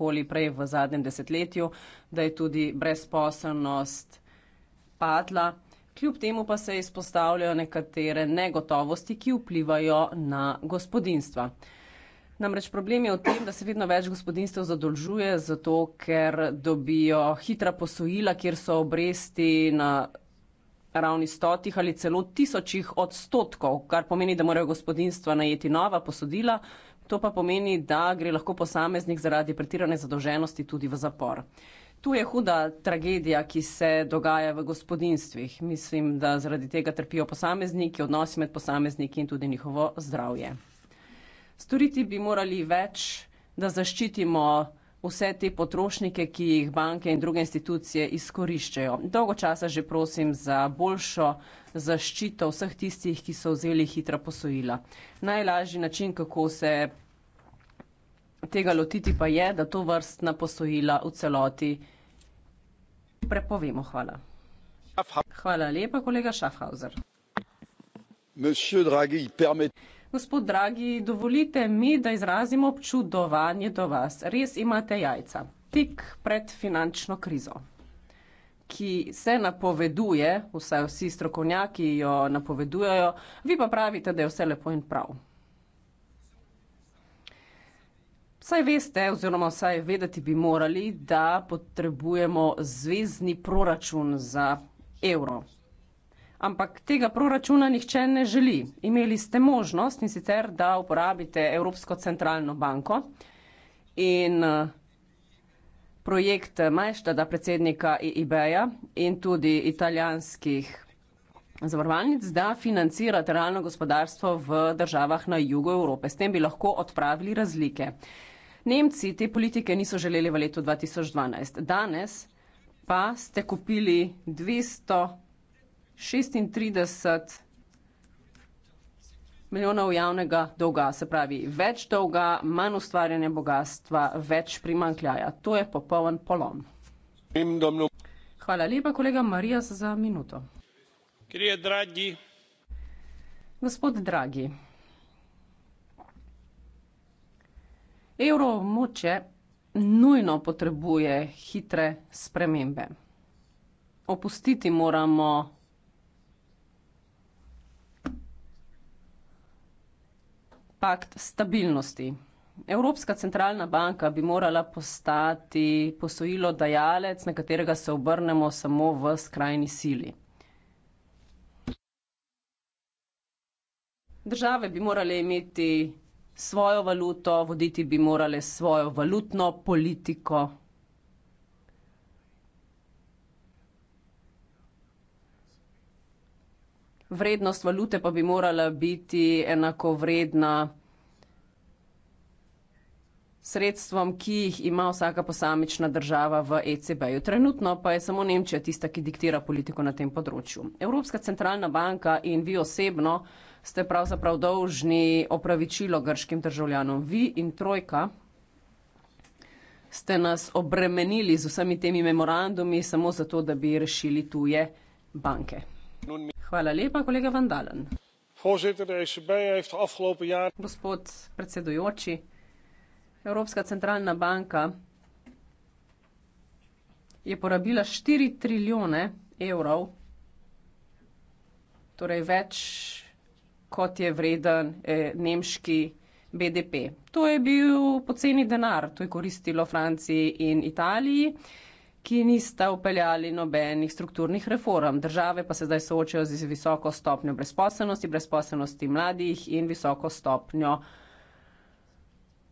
koli prej v zadnjem desetletju, da je tudi brezposelnost padla. Kljub temu pa se izpostavljajo nekatere negotovosti, ki vplivajo na gospodinstva. Namreč problem je v tem, da se vedno več gospodinstv zadolžuje, zato ker dobijo hitra posojila, kjer so obresti na ravni stotih ali celo tisočih odstotkov, kar pomeni, da morajo gospodinstva najeti nova posodila, To pa pomeni, da gre lahko posameznik zaradi pretirane zadolženosti tudi v zapor. Tu je huda tragedija, ki se dogaja v gospodinstvih. Mislim, da zaradi tega trpijo posamezniki, odnosi med posamezniki in tudi njihovo zdravje. Storiti bi morali več, da zaščitimo vse te potrošnike, ki jih banke in druge institucije izkoriščajo. Dolgo časa že prosim za boljšo zaščito vseh tistih, ki so vzeli hitra posojila. Najlažji način, kako se tega lotiti, pa je, da to vrstna posojila v celoti prepovemo. Hvala. Hvala lepa, kolega Schaffhauser. Monsieur Draghi, permet... Gospod dragi, dovolite mi, da izrazim občudovanje do vas. Res imate jajca. Tik pred finančno krizo, ki se napoveduje, vsaj vsi strokovnjaki jo napovedujejo, vi pa pravite, da je vse lepo in prav. Saj veste, oziroma vsaj vedeti bi morali, da potrebujemo zvezdni proračun za evro, Ampak tega proračuna nihče ne želi. Imeli ste možnost in sicer, da uporabite Evropsko centralno banko in eh, projekt Majštada predsednika IBEJA in tudi italijanskih zavarovalnic, da financirate realno gospodarstvo v državah na jugu Evrope. S tem bi lahko odpravili razlike. Nemci te politike niso želeli v letu 2012. Danes pa ste kupili 200 36 milijonov javnega dolga, se pravi več dolga, manj ustvarjanja bogatstva, več primankljaja. To je popoln polom. Hvala lepa, kolega Marijas, za minuto. Gospod Dragi, evroobmočje nujno potrebuje hitre spremembe. Opustiti moramo pakt stabilnosti. Evropska centralna banka bi morala postati posojilo dajalec, na katerega se obrnemo samo v skrajni sili. Države bi morale imeti svojo valuto, voditi bi morale svojo valutno politiko. vrednost valute pa bi morala biti enakovredna sredstvom, ki jih ima vsaka posamična država v ECB-ju. Trenutno pa je samo Nemčija tista, ki diktira politiko na tem področju. Evropska centralna banka in vi osebno ste pravzaprav dolžni opravičilo grškim državljanom. Vi in trojka ste nas obremenili z vsemi temi memorandumi samo zato, da bi rešili tuje banke. Nun E Gospod predsedujoči, Evropska centralna banka je porabila štiri trilijone evrov, torej več, kot je vreden, eh, nemški BDP. To je bil poceni denar, to je koristilo Franciji in Italiji ki nista upeljali nobenih strukturnih reform. Države pa se zdaj soočajo z visoko stopnjo brezposelnosti, brezposelnosti mladih in visoko stopnjo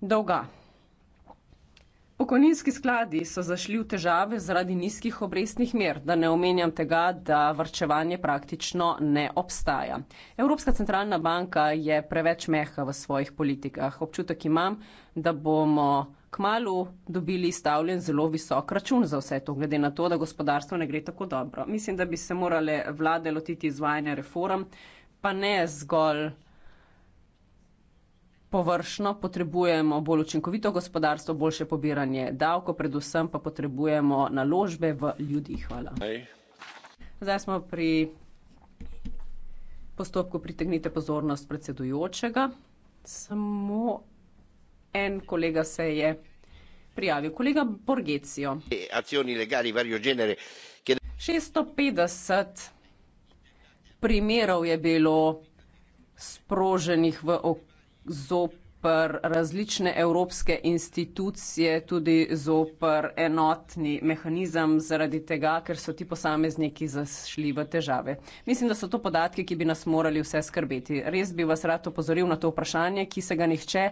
dolga. Pokojninski skladi so zašli v težave zaradi nizkih obrestnih mer, da ne omenjam tega, da vrčevanje praktično ne obstaja. Evropska centralna banka je preveč meha v svojih politikah. Občutek imam, da bomo kmalo dobili stavljen zelo visok račun za vse to, glede na to, da gospodarstvo ne gre tako dobro. Mislim, da bi se morale vlade lotiti izvajanja reform, pa ne zgolj površno. Potrebujemo bolj učinkovito gospodarstvo, boljše pobiranje davko, predvsem pa potrebujemo naložbe v ljudi. Hvala. Zdaj smo pri postopku pritegnite pozornost predsedujočega. Samo en kolega se je prijavil, kolega Borgecio. Akcioni legali vario genere. Ki... 650 primerov je bilo sproženih v ok zopr zoper različne evropske institucije, tudi zoper enotni mehanizem, zaradi tega, ker so ti posamezniki zašli v težave. Mislim, da so to podatki, ki bi nas morali vse skrbeti. Res bi vas rad opozoril na to vprašanje, ki se ga nihče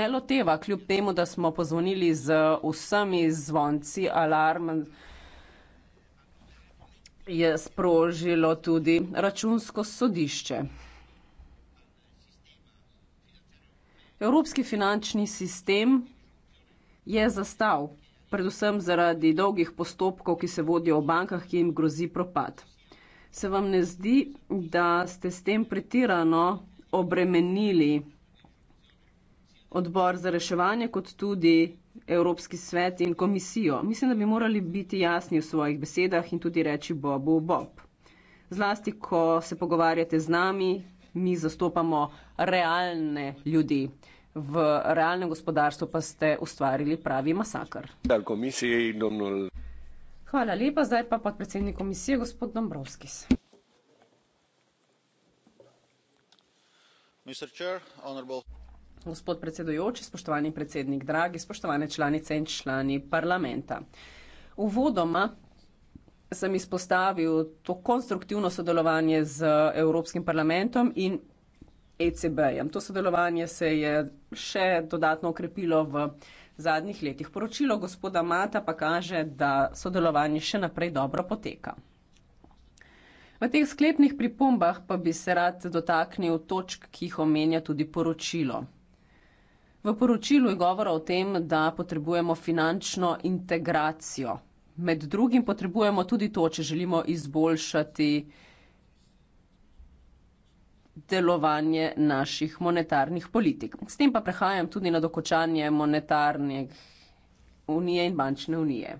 ne loteva, kljub temu, da smo pozvonili z vsemi zvonci, alarm je sprožilo tudi računsko sodišče. Evropski finančni sistem je zastav, predvsem zaradi dolgih postopkov, ki se vodijo v bankah, ki jim grozi propad. Se vam ne zdi, da ste s tem pretirano obremenili odbor za reševanje, kot tudi Evropski svet in komisijo? Mislim, da bi morali biti jasni v svojih besedah in tudi reči Bobu Bob. Zlasti, ko se pogovarjate z nami, mi zastopamo realne ljudi. V realnem gospodarstvu pa ste ustvarili pravi masakr. Hvala lepa, zdaj pa podpredsednik komisije, gospod Dombrovskis. Gospod predsedujoči, spoštovani predsednik, dragi, spoštovane članice in člani parlamenta. Uvodoma sem izpostavil to konstruktivno sodelovanje z Evropskim parlamentom in ECB-jem. To sodelovanje se je še dodatno okrepilo v zadnjih letih. Poročilo gospoda Mata pa kaže, da sodelovanje še naprej dobro poteka. V teh sklepnih pripombah pa bi se rad dotaknil točk, ki jih omenja tudi poročilo. V poročilu je govora o tem, da potrebujemo finančno integracijo med drugim potrebujemo tudi to, če želimo izboljšati delovanje naših monetarnih politik. S tem pa prehajam tudi na dokočanje monetarne unije in bančne unije.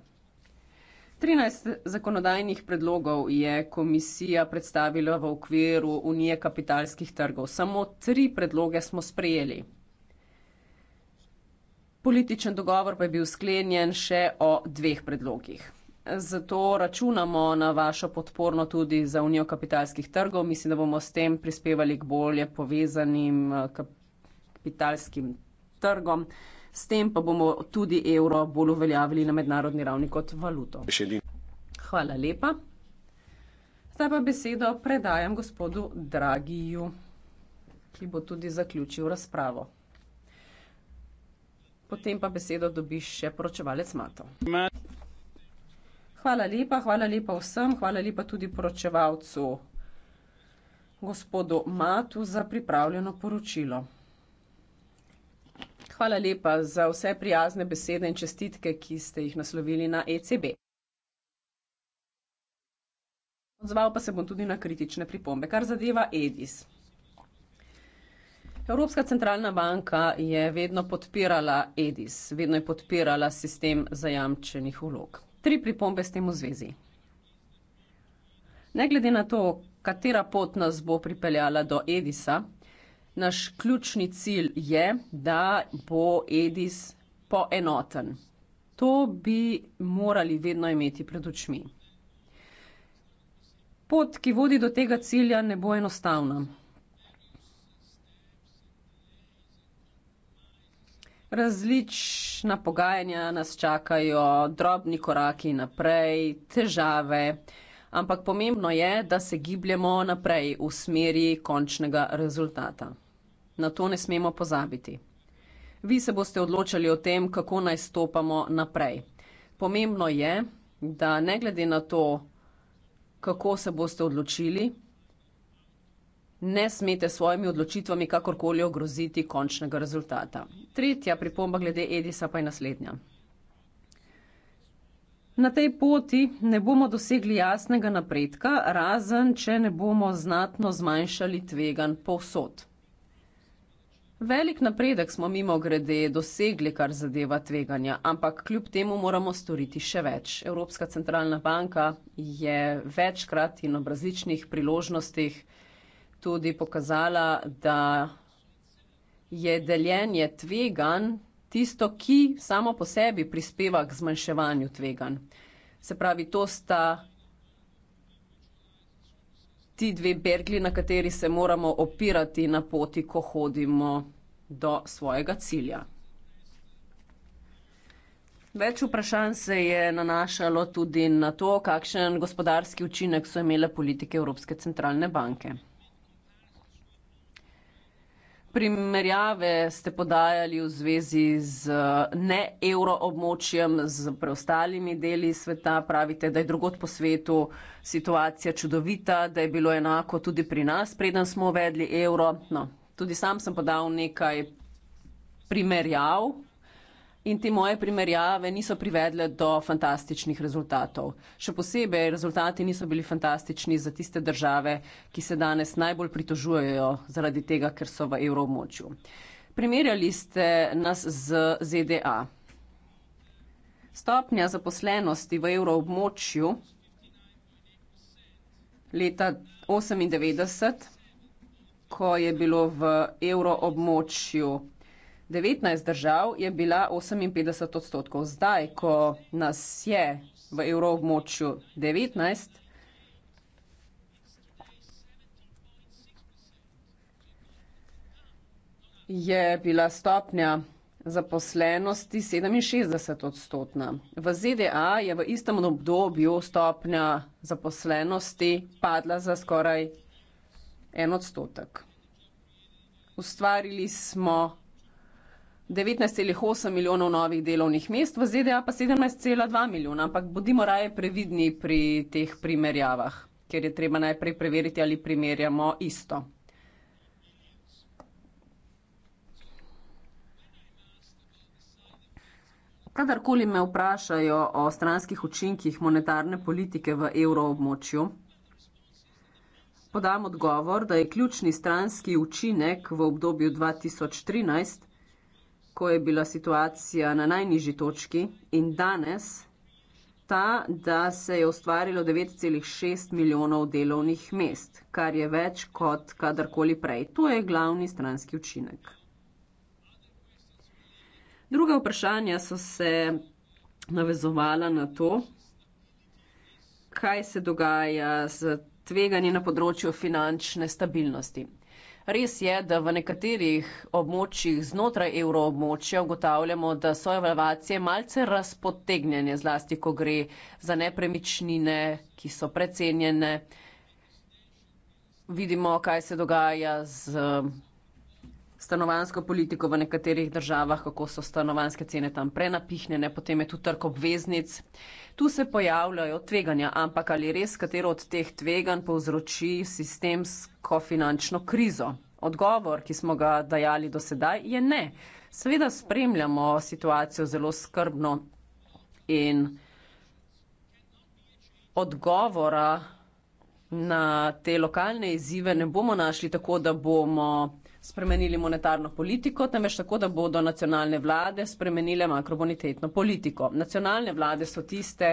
13 zakonodajnih predlogov je komisija predstavila v okviru Unije kapitalskih trgov. Samo tri predloge smo sprejeli. Političen dogovor pa je bil sklenjen še o dveh predlogih. Zato računamo na vašo podporno tudi za Unijo kapitalskih trgov. Mislim, da bomo s tem prispevali k bolje povezanim eh, kapitalskim trgom. S tem pa bomo tudi evro bolj uveljavili na mednarodni ravni kot valuto. Hvala lepa. Zdaj pa besedo predajam gospodu Dragiju, ki bo tudi zaključil razpravo. Potem pa besedo dobi še poročevalec Mato. Hvala lepa, hvala lepa vsem, hvala lepa tudi poročevalcu gospodu Matu za pripravljeno poročilo. Hvala lepa za vse prijazne besede in čestitke, ki ste jih naslovili na ECB. Odzval pa se bom tudi na kritične pripombe, kar zadeva EDIS. Evropska centralna banka je vedno podpirala EDIS, vedno je podpirala sistem zajamčenih vlog. Tri pripombe s tem v zvezi. Ne glede na to, katera pot nas bo pripeljala do EDISA, naš ključni cilj je, da bo EDIS poenoten. To bi morali vedno imeti pred očmi. Pot, ki vodi do tega cilja, ne bo enostavna. Različna pogajanja nas čakajo, drobni koraki naprej, težave, ampak pomembno je, da se gibljemo naprej v smeri končnega rezultata. Na to ne smemo pozabiti. Vi se boste odločali o tem, kako naj stopamo naprej. Pomembno je, da ne glede na to, kako se boste odločili, ne smete s svojimi odločitvami kakorkoli ogroziti končnega rezultata. Tretja pripomba glede Edisa pa je naslednja. Na tej poti ne bomo dosegli jasnega napredka, razen če ne bomo znatno zmanjšali tvegan povsod. Velik napredek smo mimo grede dosegli, kar zadeva tveganja, ampak kljub temu moramo storiti še več. Evropska centralna banka je večkrat in ob različnih priložnostih tudi pokazala, da je deljenje tveganj tisto, ki samo po sebi prispeva k zmanjševanju tveganj. Se pravi, to sta ti dve bergli, na kateri se moramo opirati na poti, ko hodimo do svojega cilja. Več vprašanj se je nanašalo tudi na to, kakšen gospodarski učinek so imele politike Evropske centralne banke primerjave ste podajali v zvezi z eh, neeuroobmočjem, z preostalimi deli sveta? Pravite, da je drugot po svetu situacija čudovita, da je bilo enako tudi pri nas, preden smo uvedli evro. No, tudi sam sem podal nekaj primerjav, In te moje primerjave niso privedle do fantastičnih rezultatov. Še posebej rezultati niso bili fantastični za tiste države, ki se danes najbolj pritožujejo zaradi tega, ker so v evroobmočju. Primerjali ste nas z ZDA. Stopnja zaposlenosti v evroobmočju leta 1998, ko je bilo v evroobmočju 19 držav je bila 58 odstotkov. Zdaj, ko nas je v evroobmočju 19, je bila stopnja zaposlenosti 67 odstotna. V ZDA je v istem obdobju stopnja zaposlenosti padla za skoraj en odstotek. Ustvarili smo 19,8 milijonov novih delovnih mest, v ZDA pa 17,2 milijona. Ampak bodimo raje previdni pri teh primerjavah, ker je treba najprej preveriti, ali primerjamo isto. Kadarkoli me vprašajo o stranskih učinkih monetarne politike v evroobmočju, podam odgovor, da je ključni stranski učinek v obdobju 2013 ko je bila situacija na najnižji točki, in danes ta, da se je ustvarilo 9,6 milijonov delovnih mest, kar je več kot kadarkoli prej. To je glavni stranski učinek. Druga vprašanja so se navezovala na to, kaj se dogaja z tveganjem na področju finančne stabilnosti. Res je, da v nekaterih območjih znotraj evroobmočja ugotavljamo, da so evalvacije malce razpotegnjene, zlasti ko gre za nepremičnine, ki so precenjene. Vidimo, kaj se dogaja z stanovansko politiko v nekaterih državah, kako so stanovanske cene tam prenapihnjene, potem je tu trg obveznic. Tu se pojavljajo tveganja, ampak ali res katero od teh tveganj povzroči sistemsko finančno krizo? Odgovor, ki smo ga dajali do sedaj, je ne. Seveda spremljamo situacijo zelo skrbno in odgovora na te lokalne izzive ne bomo našli tako, da bomo spremenili monetarno politiko, temveč tako, da bodo nacionalne vlade spremenile makrobonitetno politiko. Nacionalne vlade so tiste,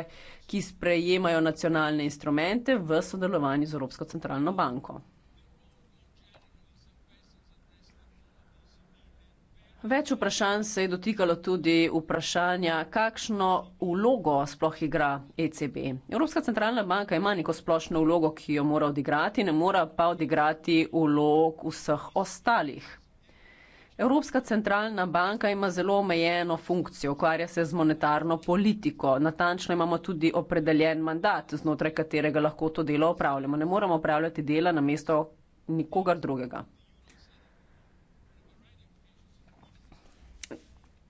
ki sprejemajo nacionalne instrumente v sodelovanju z Evropsko centralno banko. Več vprašanj se je dotikalo tudi vprašanja, kakšno vlogo sploh igra ECB. Evropska centralna banka ima neko splošno vlogo, ki jo mora odigrati, ne mora pa odigrati vlog vseh ostalih. Evropska centralna banka ima zelo omejeno funkcijo, ukvarja se z monetarno politiko. Natančno imamo tudi opredeljen mandat, znotraj katerega lahko to delo opravljamo. Ne moramo opravljati dela na mesto nikogar drugega.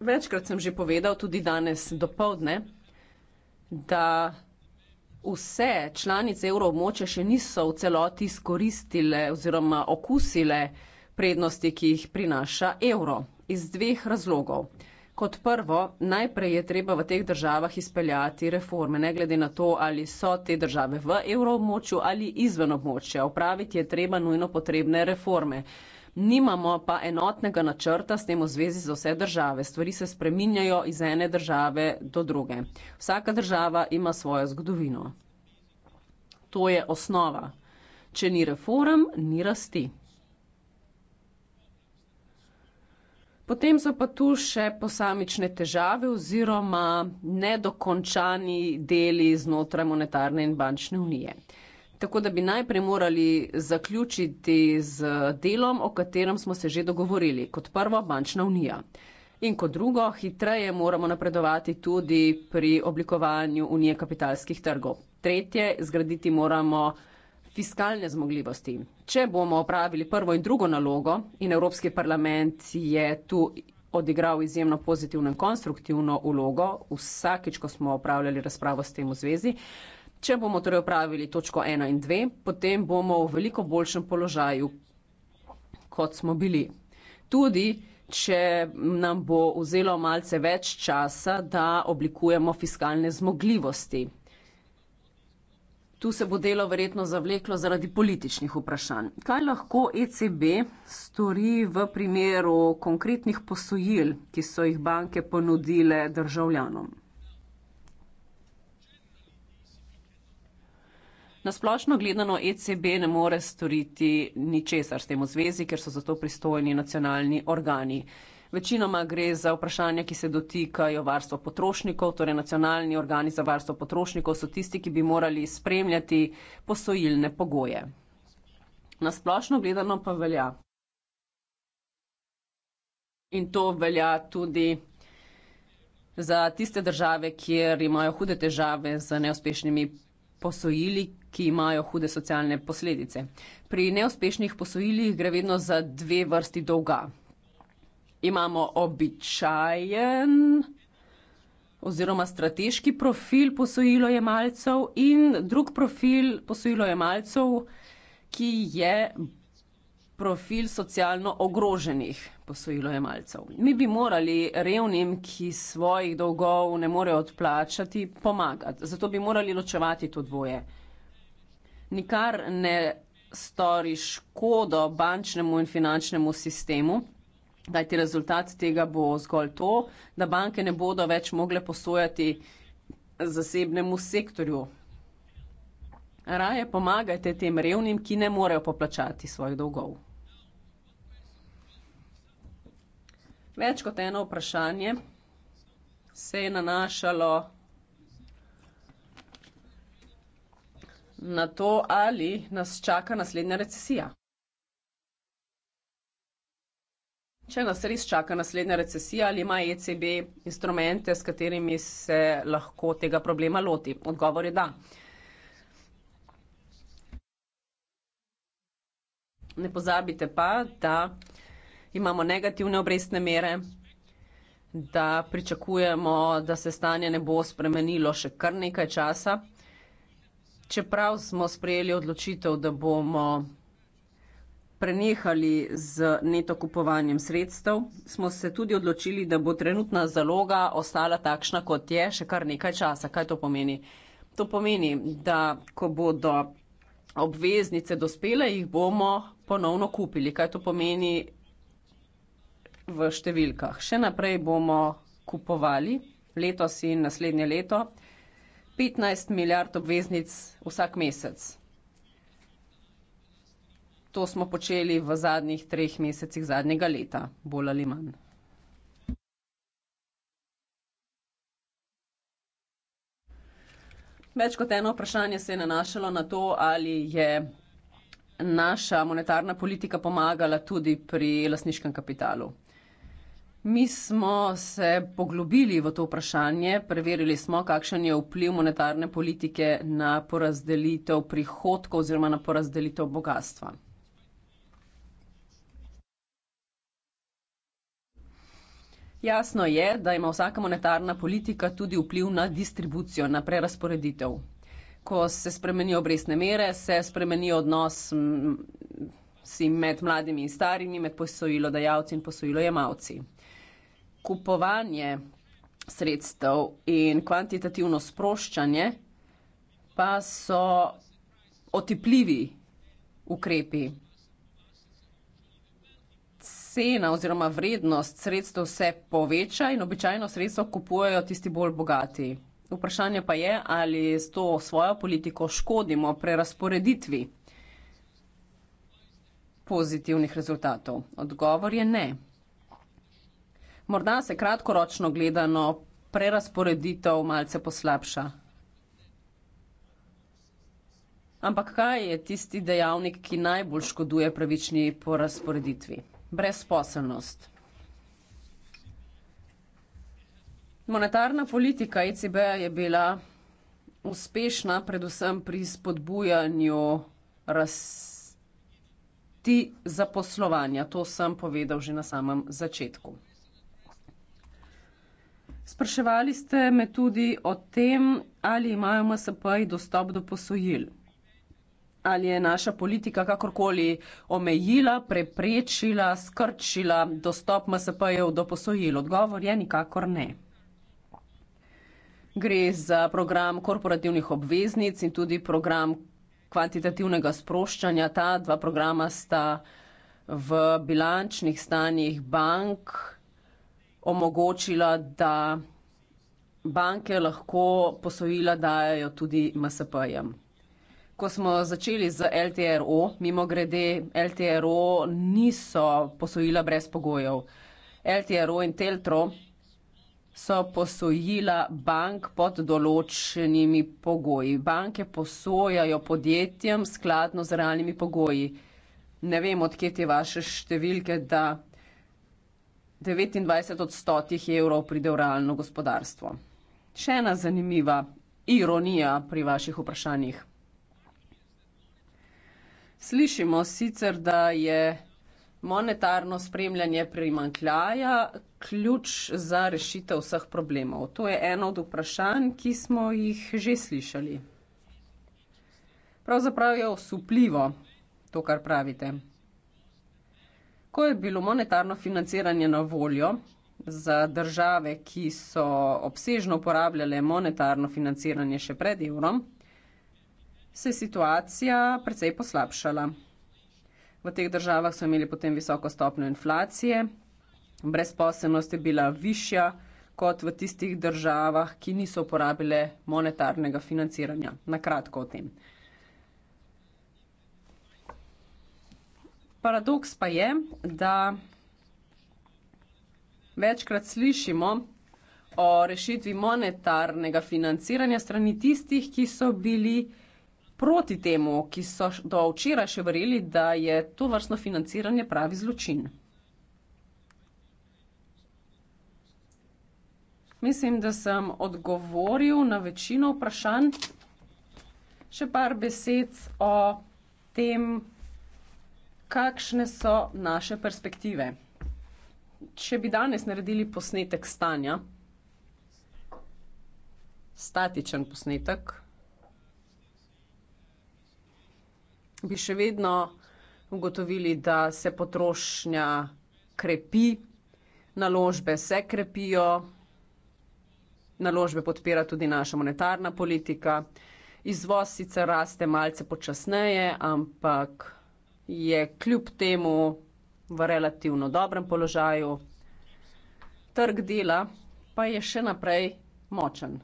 večkrat sem že povedal, tudi danes do povdne, da vse članice evroobmoče še niso v celoti izkoristile oziroma okusile prednosti, ki jih prinaša evro. Iz dveh razlogov. Kot prvo, najprej je treba v teh državah izpeljati reforme, ne glede na to, ali so te države v evroobmoču ali izven območja. Opraviti je treba nujno potrebne reforme nimamo pa enotnega načrta s tem v zvezi za vse države. Stvari se spreminjajo iz ene države do druge. Vsaka država ima svojo zgodovino. To je osnova. Če ni reform, ni rasti. Potem so pa tu še posamične težave oziroma nedokončani deli znotraj monetarne in bančne unije tako da bi najprej morali zaključiti z delom, o katerem smo se že dogovorili, kot prvo bančna unija. In kot drugo, hitreje moramo napredovati tudi pri oblikovanju unije kapitalskih trgov. Tretje, zgraditi moramo fiskalne zmogljivosti. Če bomo opravili prvo in drugo nalogo in Evropski parlament je tu odigral izjemno pozitivno in konstruktivno ulogo, vsakič, ko smo opravljali razpravo s tem v zvezi, Če bomo torej opravili točko 1 in 2, potem bomo v veliko boljšem položaju, kot smo bili. Tudi, če nam bo vzelo malce več časa, da oblikujemo fiskalne zmogljivosti. Tu se bo delo verjetno zavleklo zaradi političnih vprašanj. Kaj lahko ECB stori v primeru konkretnih posojil, ki so jih banke ponudile državljanom? Na splošno gledano ECB ne more storiti ničesar s tem v zvezi, ker so za to pristojni nacionalni organi. Večinoma gre za vprašanja, ki se dotikajo varstva potrošnikov, torej nacionalni organi za varstvo potrošnikov so tisti, ki bi morali spremljati posojilne pogoje. Na splošno gledano pa velja. In to velja tudi za tiste države, kjer imajo hude težave z neuspešnimi posojili, ki imajo hude socialne posledice. Pri neuspešnih posojilih gre vedno za dve vrsti dolga. Imamo običajen oziroma strateški profil posojilojemalcev in drug profil posojilojemalcev, ki je profil socialno ogroženih posojilojemalcev. Mi bi morali revnim, ki svojih dolgov ne morejo odplačati, pomagati. Zato bi morali ločevati to dvoje. Nikar ne stori škodo bančnemu in finančnemu sistemu. Dajti rezultat tega bo zgolj to, da banke ne bodo več mogle posojati zasebnemu sektorju. Raje pomagajte tem revnim, ki ne morejo poplačati svojih dolgov. Več kot eno vprašanje se je nanašalo na to, ali nas čaka naslednja recesija. Če nas res čaka naslednja recesija, ali ima ECB instrumente, s katerimi se lahko tega problema loti? Odgovor je da. Ne pozabite pa, da imamo negativne obrestne mere, da pričakujemo, da se stanje ne bo spremenilo še kar nekaj časa. Čeprav smo sprejeli odločitev, da bomo prenehali z neto kupovanjem sredstev, smo se tudi odločili, da bo trenutna zaloga ostala takšna, kot je, še kar nekaj časa. Kaj to pomeni? To pomeni, da ko bodo obveznice dospele, jih bomo ponovno kupili. Kaj to pomeni, v številkah. Še naprej bomo kupovali letos in naslednje leto 15 milijard obveznic vsak mesec. To smo počeli v zadnjih treh mesecih zadnjega leta, bolj ali manj. Več kot eno vprašanje se je nanašalo na to, ali je naša monetarna politika pomagala tudi pri lasniškem kapitalu. Mi smo se poglobili v to vprašanje, preverili smo, kakšen je vpliv monetarne politike na porazdelitev prihodkov oziroma na porazdelitev bogatstva. Jasno je, da ima vsaka monetarna politika tudi vpliv na distribucijo, na prerasporeditev. Ko se spremenijo obrestne mere, se spremeni odnos si med mladimi in starimi, med posojilodajalci in posojilojemalci kupovanje sredstev in kvantitativno sproščanje pa so otipljivi ukrepi. Cena oziroma vrednost sredstev se poveča in običajno sredstva kupujejo tisti bolj bogati. Vprašanje pa je, ali s to svojo politiko škodimo prerasporeditvi pozitivnih rezultatov. Odgovor je ne morda se kratkoročno gledano prerasporeditev malce poslabša. Ampak kaj je tisti dejavnik, ki najbolj škoduje pravični porazporeditvi? Brezposelnost. Monetarna politika ECB je bila uspešna predvsem pri spodbujanju rasti zaposlovanja. To sem povedal že na samem začetku. Spraševali ste me tudi o tem, ali imajo MSP-ji dostop do posojil. Ali je naša politika kakorkoli omejila, preprečila, skrčila dostop MSP-jev do posojil? Odgovor je nikakor ne. Gre za program korporativnih obveznic in tudi program kvantitativnega sproščanja. Ta dva programa sta v bilančnih stanjih bank omogočila, da banke lahko posojila dajajo tudi MSP-jem. Ko smo začeli z LTRO, mimo grede, LTRO niso posojila brez pogojev. LTRO in Teltro so posojila bank pod določenimi pogoji. Banke posojajo podjetjem skladno z realnimi pogoji. Ne vem, odkje te vaše številke, da 29 od 100 evrov pride v realno gospodarstvo. Še ena zanimiva ironija pri vaših vprašanjih. Slišimo sicer, da je monetarno spremljanje primankljaja ključ za rešitev vseh problemov. To je eno od vprašanj, ki smo jih že slišali. Pravzaprav je osupljivo to, kar pravite. Ko je bilo monetarno financiranje na voljo za države, ki so obsežno uporabljale monetarno financiranje še pred evrom, se je situacija precej poslabšala. V teh državah so imeli potem visoko stopnjo inflacije, brezposelnost je bila višja kot v tistih državah, ki niso uporabile monetarnega financiranja. Na kratko o tem. Paradoks pa je, da večkrat slišimo o rešitvi monetarnega financiranja strani tistih, ki so bili proti temu, ki so do včeraj še verjeli, da je to vrstno financiranje pravi zločin. Mislim, da sem odgovoril na večino vprašanj. Še par besed o tem, kakšne so naše perspektive? Če bi danes naredili posnetek stanja, statičen posnetek, bi še vedno ugotovili, da se potrošnja krepi, naložbe se krepijo, naložbe podpira tudi naša monetarna politika, izvoz sicer raste malce počasneje, ampak je kljub temu v relativno dobrem položaju, trg dela pa je še naprej močen.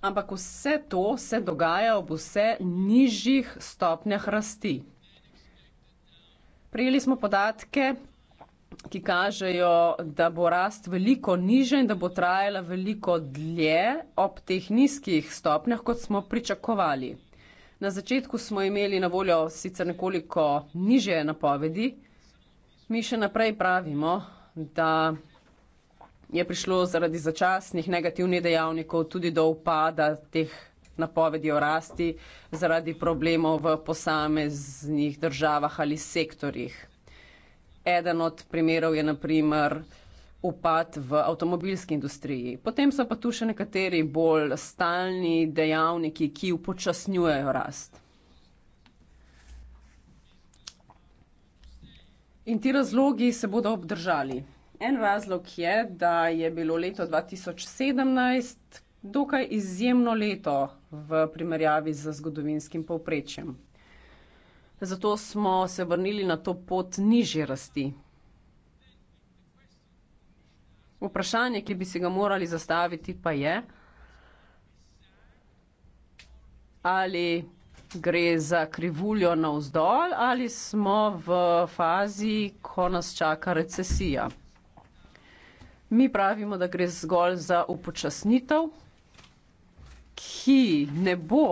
Ampak vse to se dogaja ob vse nižjih stopnjah rasti. Prijeli smo podatke ki kažejo, da bo rast veliko niže in da bo trajala veliko dlje ob teh nizkih stopnjah, kot smo pričakovali. Na začetku smo imeli na voljo sicer nekoliko niže napovedi, mi še naprej pravimo, da je prišlo zaradi začasnih negativnih dejavnikov tudi do upada teh napovedi o rasti zaradi problemov v posameznih državah ali sektorjih. Eden od primerov je naprimer upad v avtomobilski industriji. Potem so pa tu še nekateri bolj stalni dejavniki, ki upočasnjujejo rast. In ti razlogi se bodo obdržali. En razlog je, da je bilo leto 2017 dokaj izjemno leto v primerjavi z zgodovinskim povprečjem. Zato smo se vrnili na to pot nižje rasti. Vprašanje, ki bi si ga morali zastaviti, pa je, ali gre za krivuljo navzdol ali smo v fazi, ko nas čaka recesija. Mi pravimo, da gre zgolj za upočasnitev, ki ne bo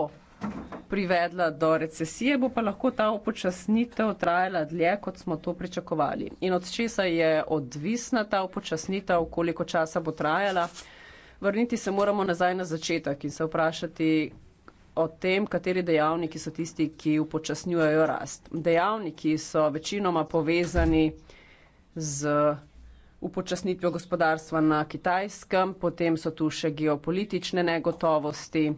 privedla do recesije, bo pa lahko ta upočasnitev trajala dlje, kot smo to pričakovali. In od česa je odvisna ta upočasnitev, koliko časa bo trajala? Vrniti se moramo nazaj na začetek in se vprašati o tem, kateri dejavniki so tisti, ki upočasnjujejo rast. Dejavniki so večinoma povezani z upočasnitvijo gospodarstva na kitajskem, potem so tu še geopolitične negotovosti.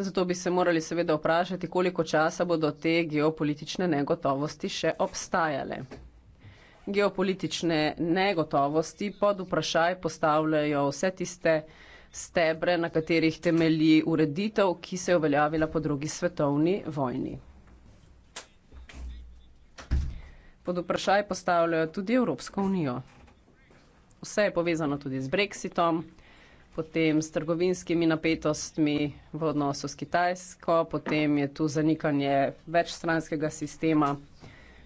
Zato bi se morali seveda vprašati, koliko časa bodo te geopolitične negotovosti še obstajale. Geopolitične negotovosti pod vprašaj postavljajo vse tiste stebre, na katerih temelji ureditev, ki se je uveljavila po drugi svetovni vojni. Pod vprašaj postavljajo tudi Evropsko unijo. Vse je povezano tudi z brexitom, potem s trgovinskimi napetostmi v odnosu s Kitajsko, potem je tu zanikanje večstranskega sistema.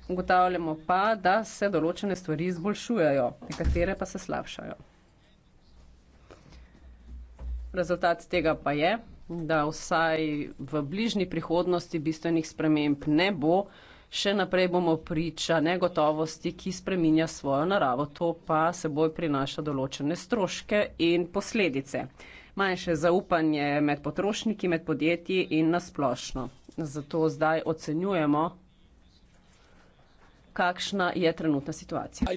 Ugotavljamo pa, da se določene stvari izboljšujejo, nekatere pa se slabšajo. Rezultat tega pa je, da vsaj v bližnji prihodnosti bistvenih sprememb ne bo, še naprej bomo priča negotovosti, ki spreminja svojo naravo, to pa seboj prinaša določene stroške in posledice. Manjše zaupanje med potrošniki, med podjetji in nasplošno. Zato zdaj ocenjujemo, kakšna je trenutna situacija. Uh,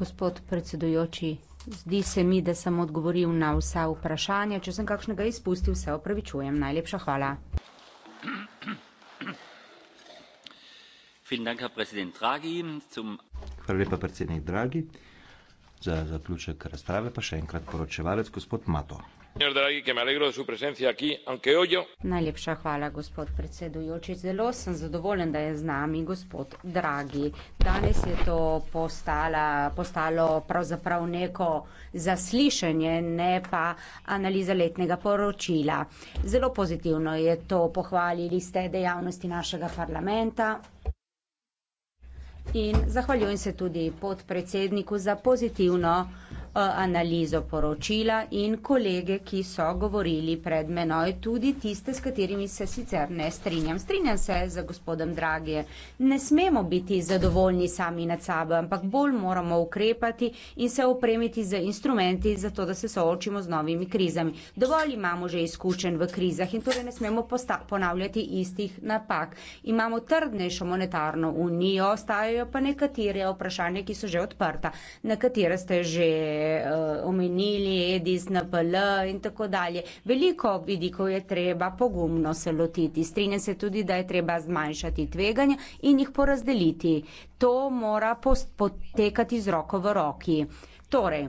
Gospod predsedujoči, zdi se mi, da sem odgovoril na vsa vprašanja. Če sem kakšnega izpustil, se opravičujem. Najlepša hvala hvala lepa predsednik draghi za zaključek razprave pa še enkrat poročevalec gospod mato gospod draghi que me alegro de su presencia aquí aunque hoy yo Najlepša hvala, gospod predsedujoči. Zelo sem zadovoljen, da je z nami gospod Dragi. Danes je to postala, postalo pravzaprav neko zaslišanje, ne pa analiza letnega poročila. Zelo pozitivno je to, pohvalili ste dejavnosti našega parlamenta. In zahvaljujem se tudi podpredsedniku za pozitivno Eh, analizo poročila in kolege, ki so govorili pred menoj, tudi tiste, s katerimi se sicer ne strinjam. Strinjam se za gospodom Dragije. Ne smemo biti zadovoljni sami nad sabo, ampak bolj moramo ukrepati in se opremiti z instrumenti, zato da se soočimo z novimi krizami. Dovolj imamo že izkušen v krizah in torej ne smemo ponavljati istih napak. Imamo trdnejšo monetarno unijo, ostajajo pa nekatere vprašanja, ki so že odprta, na katere ste že uh, omenili, Edis, NPL in tako dalje. Veliko vidikov je treba pogumno se lotiti. Strinjam se tudi, da je treba zmanjšati tveganja in jih porazdeliti. To mora potekati z roko v roki. Torej,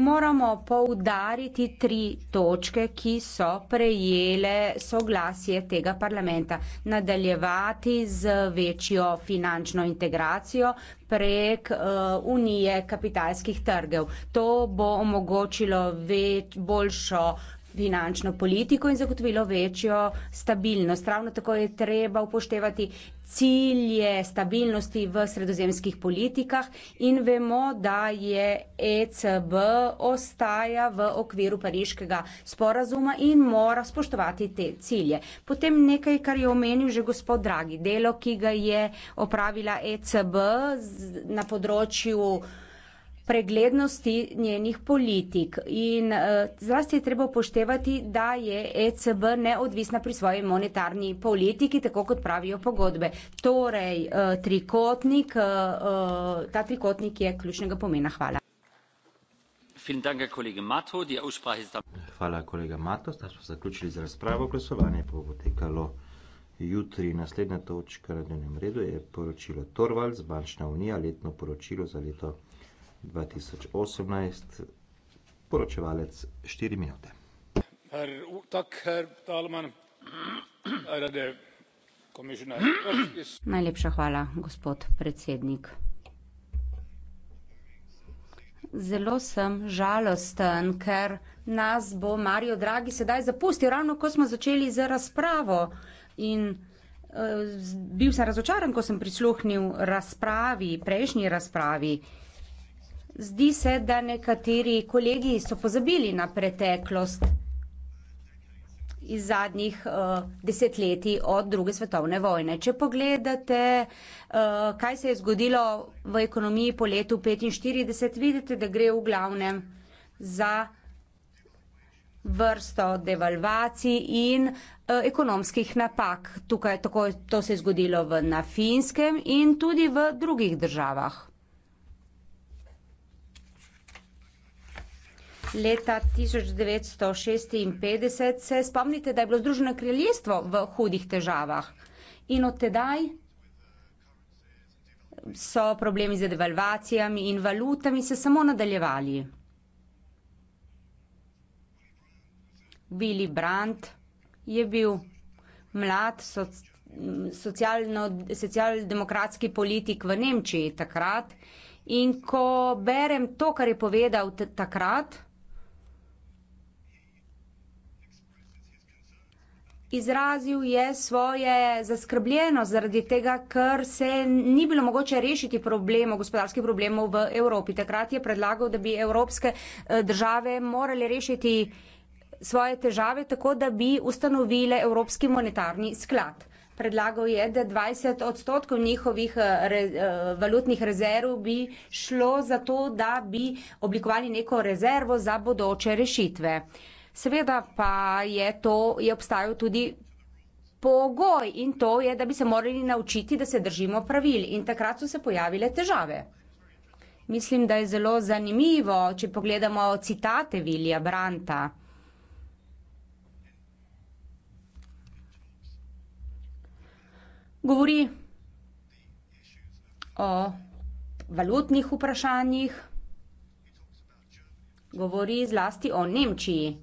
moramo poudariti tri točke, ki so prejele soglasje tega parlamenta. Nadaljevati z večjo finančno integracijo prek uh, Unije kapitalskih trgov. To bo omogočilo več, boljšo finančno politiko in zagotovilo večjo stabilnost. Ravno tako je treba upoštevati cilje stabilnosti v sredozemskih politikah in vemo, da je ECB ostaja v okviru pariškega sporazuma in mora spoštovati te cilje. Potem nekaj, kar je omenil že gospod Dragi, delo, ki ga je opravila ECB na področju preglednosti njenih politik. In uh, zlasti je treba upoštevati, da je ECB neodvisna pri svoji monetarni politiki, tako kot pravijo pogodbe. Torej, uh, trikotnik, uh, uh, ta trikotnik je ključnega pomena. Hvala. Hvala, kolega Mato. Zdaj smo zaključili z razpravo. Glasovanje bo potekalo jutri. Naslednja točka na dnevnem redu je poročilo Torvalds, bančna unija, letno poročilo za leto 2020. 2018, poročevalec 4 minute. Herr Tak, Herr Talman, Rade, Komisionar. Najlepša hvala, gospod predsednik. Zelo sem žalosten, ker nas bo Mario Dragi sedaj zapustil, ravno ko smo začeli z razpravo. In uh, bil sem razočaran, ko sem prisluhnil razpravi, prejšnji razpravi. Zdi se, da nekateri kolegi so pozabili na preteklost iz zadnjih uh, desetletij od druge svetovne vojne. Če pogledate, uh, kaj se je zgodilo v ekonomiji po letu 1945, vidite, da gre v glavnem za vrsto devalvacij in uh, ekonomskih napak. Tukaj, tako, to se je zgodilo v, na Finskem in tudi v drugih državah. leta 1956, se spomnite, da je bilo Združeno kraljestvo v hudih težavah. In od tedaj so problemi z devalvacijami in valutami se samo nadaljevali. Willy Brandt je bil mlad socialdemokratski politik v Nemčiji takrat. In ko berem to, kar je povedal takrat, Izrazil je svoje zaskrbljenost zaradi tega, ker se ni bilo mogoče rešiti problemov, gospodarskih problemov v Evropi. Takrat je predlagal, da bi evropske eh, države morali rešiti svoje težave tako, da bi ustanovile Evropski monetarni sklad. Predlagal je, da 20 odstotkov njihovih eh, re, eh, valutnih rezerv bi šlo za to, da bi oblikovali neko rezervo za bodoče rešitve. Seveda pa je to, je obstajal tudi pogoj in to je, da bi se morali naučiti, da se držimo pravil in takrat so se pojavile težave. Mislim, da je zelo zanimivo, če pogledamo citate Vilija Branta. Govori o valutnih vprašanjih, govori zlasti o Nemčiji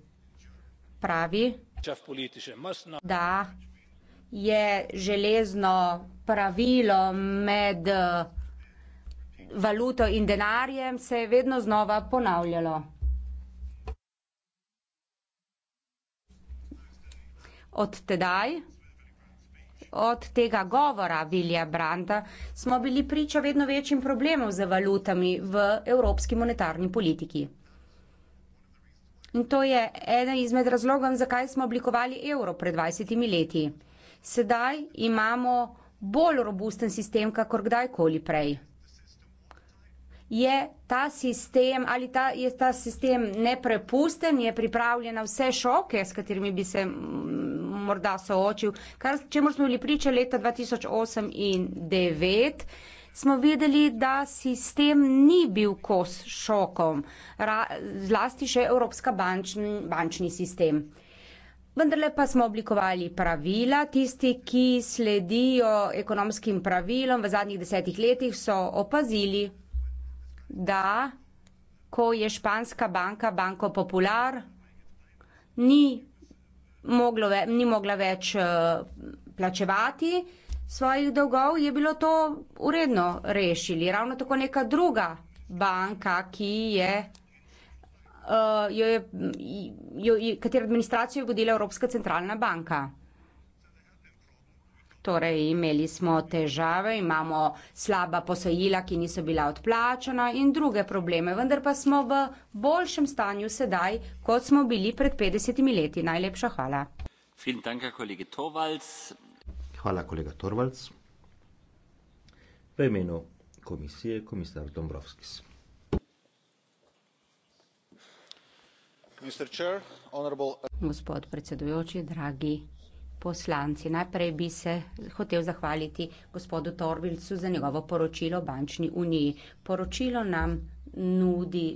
pravi, da je železno pravilo med eh, valuto in denarjem se je vedno znova ponavljalo. Od tedaj, od tega govora Willyja Brandta smo bili priča vedno večjim problemom z valutami v evropski monetarni politiki. In to je eden izmed razlogov, zakaj smo oblikovali evro pred 20 leti. Sedaj imamo bolj robusten sistem, kakor kdajkoli prej. Je ta sistem, ali ta, je ta sistem neprepusten, je pripravljen na vse šoke, s katerimi bi se morda soočil, kar, čemu smo bili priča leta 2008 in 2009 smo vedeli, da sistem ni bil kos šokom, ra, zlasti še Evropska bančn, bančni sistem. Vendarle pa smo oblikovali pravila, tisti, ki sledijo ekonomskim pravilom v zadnjih desetih letih, so opazili, da ko je španska banka Banko Popular ni, ve, ni mogla več uh, plačevati, uh, svojih dolgov, je bilo to uredno rešili. Ravno tako neka druga banka, ki je. Uh, Kateri administracijo je vodila Evropska centralna banka. Torej, imeli smo težave, imamo slaba posojila, ki niso bila odplačena in druge probleme, vendar pa smo v boljšem stanju sedaj, kot smo bili pred 50 leti. Najlepša hvala. Vielen Dank, Herr Kollege Torvalds. Hvala, kolega Torvalds. V imenu komisije, komisar Dombrovskis. Gospod predsedujoči, dragi poslanci, najprej bi se hotel zahvaliti gospodu Torvilcu za njegovo poročilo o bančni uniji. Poročilo nam nudi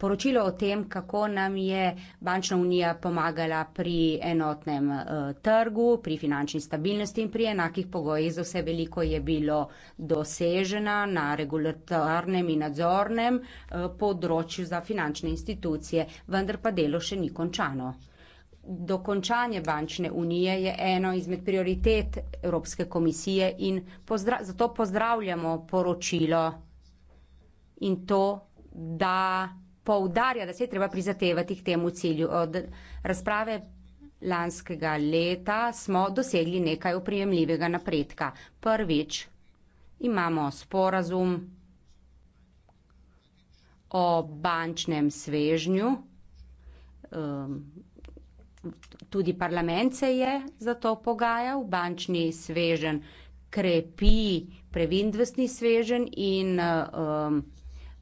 poročilo o tem, kako nam je bančna unija pomagala pri enotnem eh, trgu, pri finančni stabilnosti in pri enakih pogojih. Za vse veliko je bilo dosežena na regulatornem in nadzornem eh, področju za finančne institucije, vendar pa delo še ni končano. Dokončanje bančne unije je eno izmed prioritet Evropske komisije in pozdra zato pozdravljamo poročilo in to, da poudarja, da se je treba prizadevati k temu cilju. Od razprave lanskega leta smo dosegli nekaj uprijemljivega napredka. Prvič imamo sporazum o bančnem svežnju. Ehm, tudi parlament se je za to pogajal, bančni svežen krepi previndvestni svežen in um,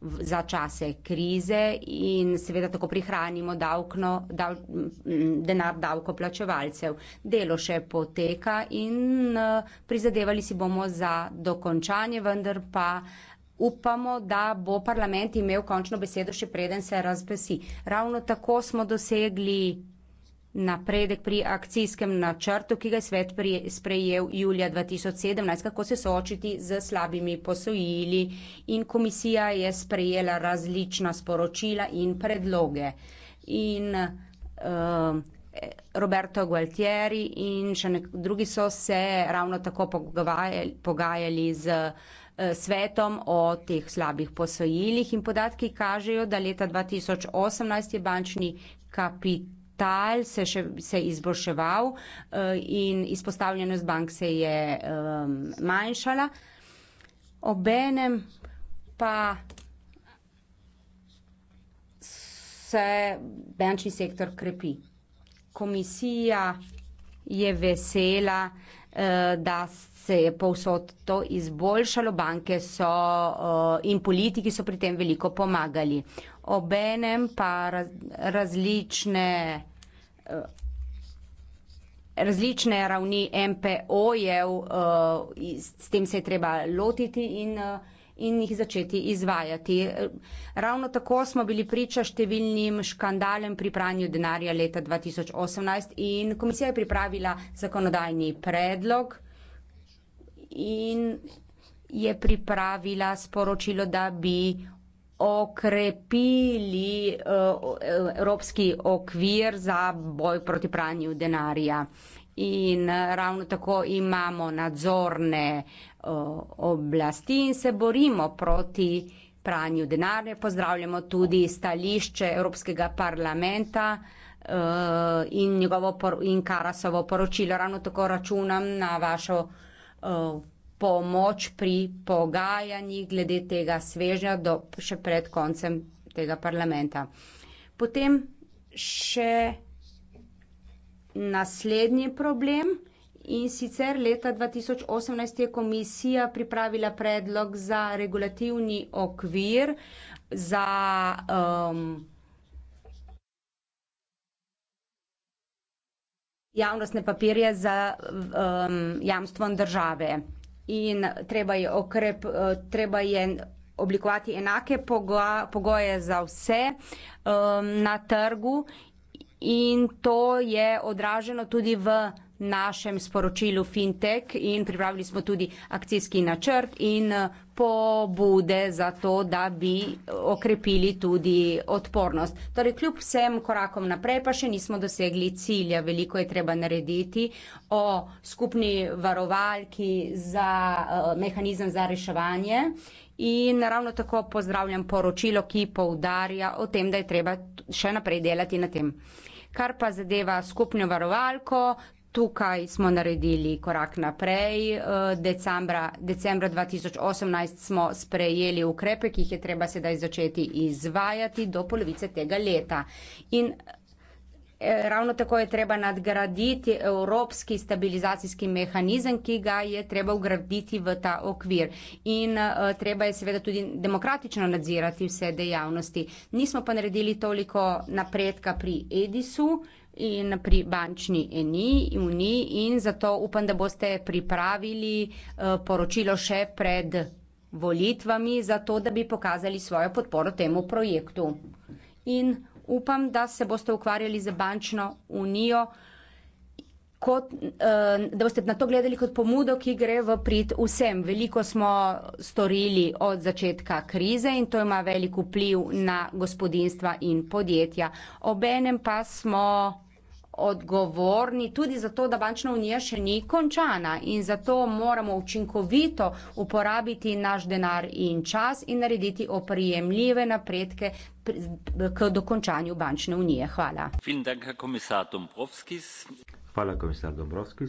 za čase krize in seveda tako prihranimo davkno, dav, denar davkoplačevalcev. Delo še poteka in eh, prizadevali si bomo za dokončanje, vendar pa upamo, da bo parlament imel končno besedo še preden se razpesi. Ravno tako smo dosegli napredek pri akcijskem načrtu, ki ga je svet sprejel julija 2017, kako se soočiti z slabimi posojili in komisija je sprejela različna sporočila in predloge. In uh, Roberto Gualtieri in še nek drugi so se ravno tako pogajali, pogajali z eh, svetom o teh slabih posojilih in podatki kažejo, da leta 2018 je bančni kapital kapital se, še, se je izboljševal eh, in izpostavljenost bank se je manjšala. Obenem pa se bančni sektor krepi. Komisija je vesela, eh, da se je povsod to izboljšalo, banke so eh, in politiki so pri tem veliko pomagali obenem pa raz, različne eh, različne ravni MPO-jev, eh, s tem se je treba lotiti in, eh, in jih začeti izvajati. Ravno tako smo bili priča številnim škandalem pri pranju denarja leta 2018 in komisija je pripravila zakonodajni predlog in je pripravila sporočilo, da bi okrepili eh, evropski okvir za boj proti pranju denarja. In eh, ravno tako imamo nadzorne eh, oblasti in se borimo proti pranju denarja. Pozdravljamo tudi stališče Evropskega parlamenta in njegovo in Karasovo poročilo. Ravno tako računam na vašo pomoč pri pogajanjih glede tega svežnja do še pred koncem tega parlamenta. Potem še naslednji problem in sicer leta 2018 je komisija pripravila predlog za regulativni okvir za um, javnostne papirje za um, jamstvom države in treba je okrep, eh, treba je oblikovati enake pogoje, pogoje za vse um, na trgu in to je odraženo tudi v našem sporočilu Fintech in pripravili smo tudi akcijski načrt in eh, pobude za to, da bi okrepili tudi odpornost. Torej, kljub vsem korakom naprej pa še nismo dosegli cilja, veliko je treba narediti o skupni varovalki za eh, mehanizem za reševanje in ravno tako pozdravljam poročilo, ki poudarja o tem, da je treba še naprej delati na tem. Kar pa zadeva skupno varovalko, tukaj smo naredili korak naprej. Eh, decembra, decembra 2018 smo sprejeli ukrepe, ki jih je treba sedaj začeti izvajati do polovice tega leta. In eh, Ravno tako je treba nadgraditi evropski stabilizacijski mehanizem, ki ga je treba ugraditi v ta okvir. In uh, treba je seveda tudi demokratično nadzirati vse dejavnosti. Nismo pa naredili toliko napredka pri Edisu, uh, in pri bančni eni, uniji in zato upam, da boste pripravili eh, poročilo še pred volitvami, zato da bi pokazali svojo podporo temu projektu. In upam, da se boste ukvarjali za bančno unijo, kot, eh, da boste na to gledali kot pomudo, ki gre v prid vsem. Veliko smo storili od začetka krize in to ima velik vpliv na gospodinstva in podjetja. Obenem pa smo odgovorni tudi za to, da bančna unija še ni končana in zato moramo učinkovito uporabiti naš denar in čas in narediti oprijemljive napredke k dokončanju bančne unije. Hvala. Hvala, komisar Dombrovskis.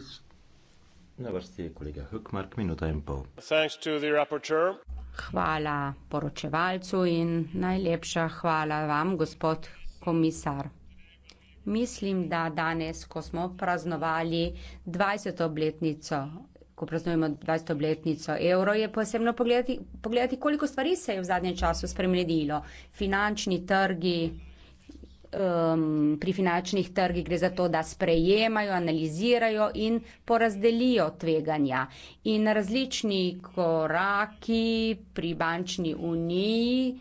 Na vrsti je kolega Hukmark, minuta in pol. Hvala poročevalcu in najlepša hvala vam, gospod komisar. Mislim, da danes, ko smo praznovali 20. obletnico, ko praznujemo 20. obletnico evro, je posebno pogledati, pogledati, koliko stvari se je v zadnjem času spremenilo. Finančni trgi, um, pri finančnih trgi gre za to, da sprejemajo, analizirajo in porazdelijo tveganja. In različni koraki pri bančni uniji,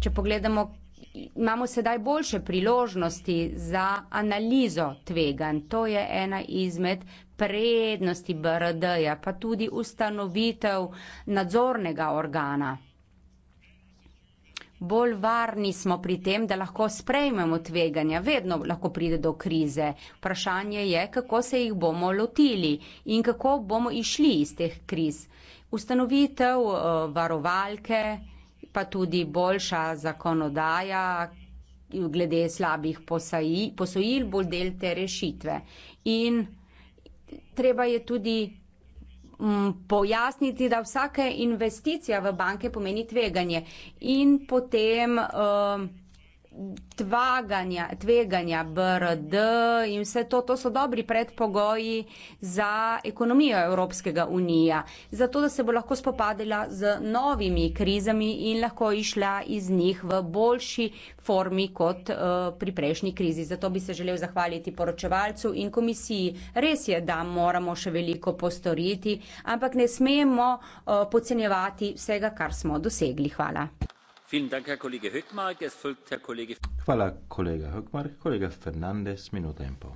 če pogledamo, imamo sedaj boljše priložnosti za analizo tvegan. To je ena izmed prednosti BRD-ja, pa tudi ustanovitev nadzornega organa. Bolj varni smo pri tem, da lahko sprejmemo tveganja, vedno lahko pride do krize. Vprašanje je, kako se jih bomo lotili in kako bomo išli iz teh kriz. Ustanovitev eh, varovalke, pa tudi boljša zakonodaja glede slabih posojil, bolj del te rešitve. In treba je tudi mm, pojasniti, da vsaka investicija v banke pomeni tveganje in potem uh, tvaganja, tveganja BRD in vse to, to so dobri predpogoji za ekonomijo Evropskega unija, zato da se bo lahko spopadila z novimi krizami in lahko išla iz njih v boljši formi kot uh, pri prejšnji krizi. Zato bi se želel zahvaliti poročevalcu in komisiji. Res je, da moramo še veliko postoriti, ampak ne smemo uh, podcenjevati vsega, kar smo dosegli. Hvala hvala kolega hkmark kolega fernandes minuta in pol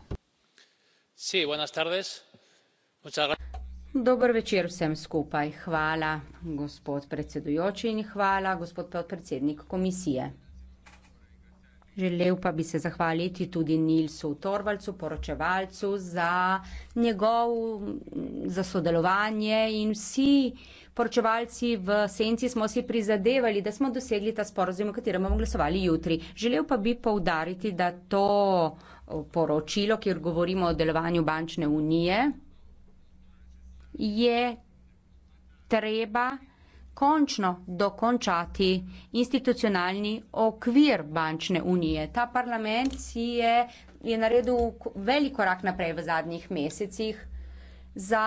dober večer vsem skupaj hvala gospod predsedujoči in hvala gospod podpredsednik komisije želel pa bi se zahvaliti tudi nilsu torvalcu poročevalcu za njegov za sodelovanje in vsi poročevalci v senci smo si prizadevali, da smo dosegli ta sporozum, o katerem bomo glasovali jutri. Želel pa bi povdariti, da to poročilo, kjer govorimo o delovanju bančne unije, je treba končno dokončati institucionalni okvir bančne unije. Ta parlament si je, je naredil velik korak naprej v zadnjih mesecih za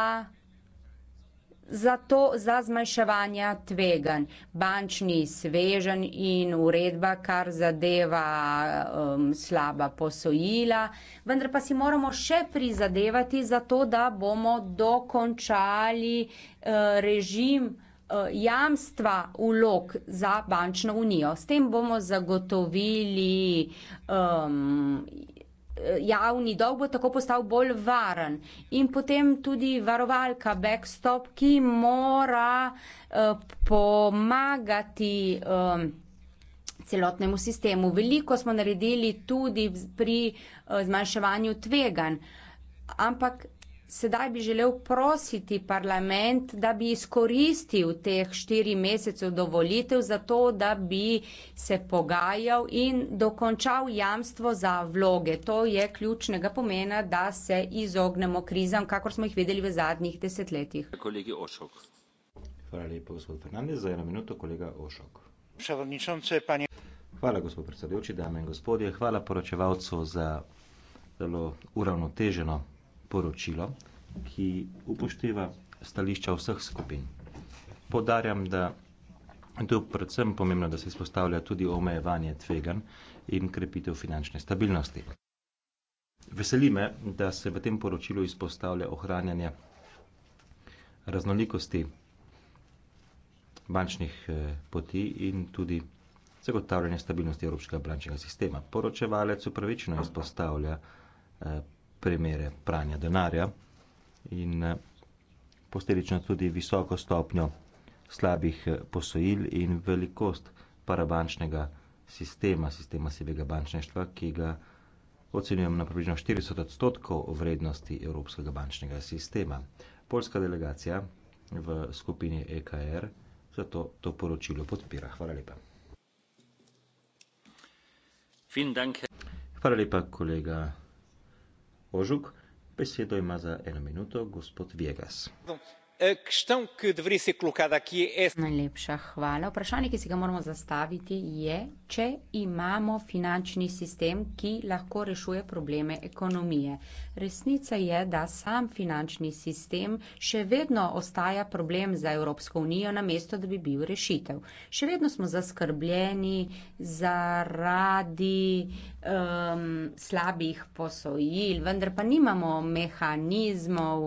zato za zmanjševanje tveganj. Bančni svežen in uredba, kar zadeva um, slaba posojila, vendar pa si moramo še prizadevati za to, da bomo dokončali uh, režim uh, jamstva ulog za bančno unijo. S tem bomo zagotovili um, Eh, javni dolg bo tako postal bolj varen. In potem tudi varovalka, backstop, ki mora eh, pomagati eh, celotnemu sistemu. Veliko smo naredili tudi pri zmanjševanju tvegan, ampak sedaj bi želel prositi parlament, da bi izkoristil teh štiri mesece dovolitev za to, da bi se pogajal in dokončal jamstvo za vloge. To je ključnega pomena, da se izognemo krizam, kakor smo jih videli v zadnjih desetletjih. Kolegi Ošok. Hvala lepo, gospod Fernandez. Za eno minuto, kolega Ošok. Hvala, gospod predsedujoči, dame in gospodje. Hvala poročevalcu za zelo uravnoteženo poročilo, ki upošteva stališča vseh skupin. Podarjam, da je tu predvsem pomembno, da se izpostavlja tudi omejevanje tvegan in krepitev finančne stabilnosti. Veseli me, da se v tem poročilu izpostavlja ohranjanje raznolikosti bančnih eh, poti in tudi zagotavljanje stabilnosti evropskega bančnega sistema. Poročevalec upravičeno izpostavlja eh, primere pranja denarja in eh, posledično tudi visoko stopnjo slabih eh, posojil in velikost parabančnega sistema, sistema sivega bančništva, ki ga ocenjujemo na približno 40 odstotkov vrednosti evropskega bančnega sistema. Poljska delegacija v skupini EKR zato to poročilo podpira. Hvala lepa. Hvala lepa, kolega. Ožuk, besedo ima za eno minuto gospod Viegas. Najlepša hvala. Vprašanje, ki si ga moramo zastaviti, je, če imamo finančni sistem, ki lahko rešuje probleme ekonomije. Resnica je, da sam finančni sistem še vedno ostaja problem za Evropsko unijo, namesto da bi bil rešitev. Še vedno smo zaskrbljeni zaradi um, slabih posojil, vendar pa nimamo mehanizmov,